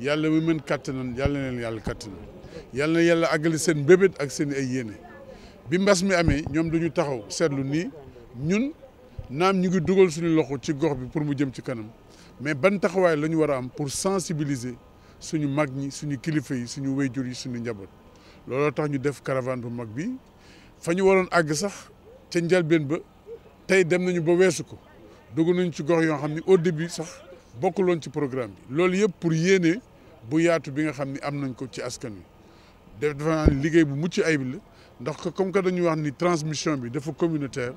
yalla yàlla meun kat nan yalla na yalla kat nan yalla na yalla agali sen mbébét ak sen ay yene bi mbass mi amé ñom duñu taxaw seetlu ni ñun naam ñu ngi duggal suñu loxo ci gox bi pour mu jëm ci kanam mais ban taxaway lañu wara am pour sensibiliser suñu mag ñi suñu kilifa yi suñu wayjur yi suñu njabot looloo tax ñu def caravane bu mag bi fañu waron waroon sax ca njëlbéen ba tay dem nañu ba weesu ko dugg nañ ci gox yo xamni au début sax bokkuloon ci programme bi loolu yëpp pour yéene bu yaatu bi nga xam ni am nañ ko ci askan wi def dafa naa liggéey bu mucc ayib la ndax que comme que dañuy wax ni transmission bi dafa communautaire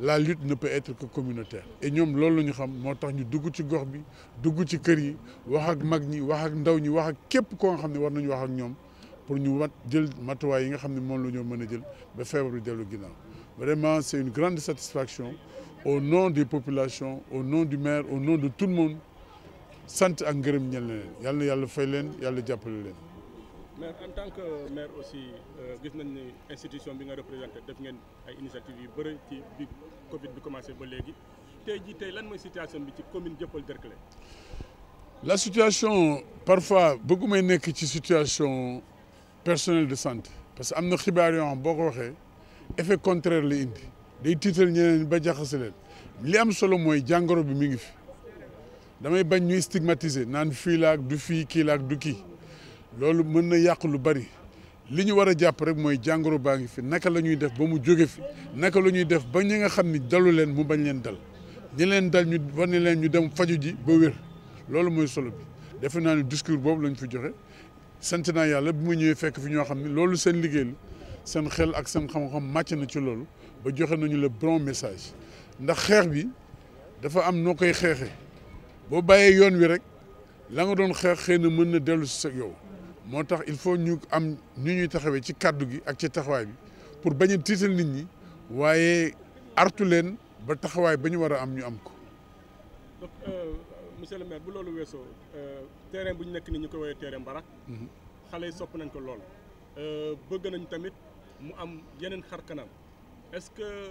la lutte ne peut être que communautaire et ñoom loolu la ñu xam moo tax ñu dugg ci gox bi dugg ci kër yi wax ak mag ñi wax ak ndaw ñi wax ak képp koo nga xam ne war nañu wax ak ñoom pour ñu mat jël matuwaay yi nga xam ne moom la ñoo mën a jël ba feebar bi dellu ginnaaw vraiment c'est une grande satisfaction au nom des populations au nom du maire au nom de tout le monde sant ak ngërëm ñel na leen yàlla na fay leen yalla jappale leen. maire en tant que maire aussi euh, gis nañ ni institution bi nga représenter def ngeen ay initiative yu bëre ci bi Covid bi commencé ba légui tay ji tay lan moy situation bi ci commune Dieuppeul Derklé. la situation parfois bëgguma nekk ci situation personnelle de santé parce que amna xibaar yoo xam boo effet contraire li indi day tiital ñeneen ba jaxase leen li am solo mooy jangoro bi mi ngi fi damay bañ ñuy stigmatiser nan fii laak du fii ki laak du ki lolu mën na yaq lu bari liñu wara japp rek moy jàngoro baangi fi naka lañuy def ba mu jóge fi naka la def ba ñi nga xam dalu leen mu bañ leen dal ñi leen dal ñu war ne leen ñu dem faju ji ba wër lolu moy solo bi def naa ne discours boobu lañ fi joxe sant naa yàlla bi mu ñëwee fekk fi ñoo xamni lolu seen liggéey seen xel ak seen xam-xam match na ci lolu ba joxe nañu le bon message ndax xex bi dafa am noo koy xeexee boo bàyyee yoon wi rek la nga doon xeex xëy na mën na dellu si sa yow moo tax il faut ñu am nu ñuy taxawee ci kàddu gi ak ci taxawaay bi pour bañ a tiital nit ñi waaye artu leen ba taxawaay ba ñu war a am ñu am ko. donc euh, monsieur le maire bu loolu weesoo euh, terrain bu ñu nekk nii ñu ko woowee terrain barak. Mhm. xale yi sopp nañ ko lool. Euh, bëgg nañ tamit mu am yeneen xar kanam est-ce que.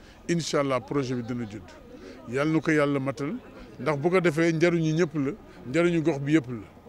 incha projet bi dina judd yalla na yalla matal ndax bu ko defé defee njariñu ñëpp la ñu gox bi yëpp la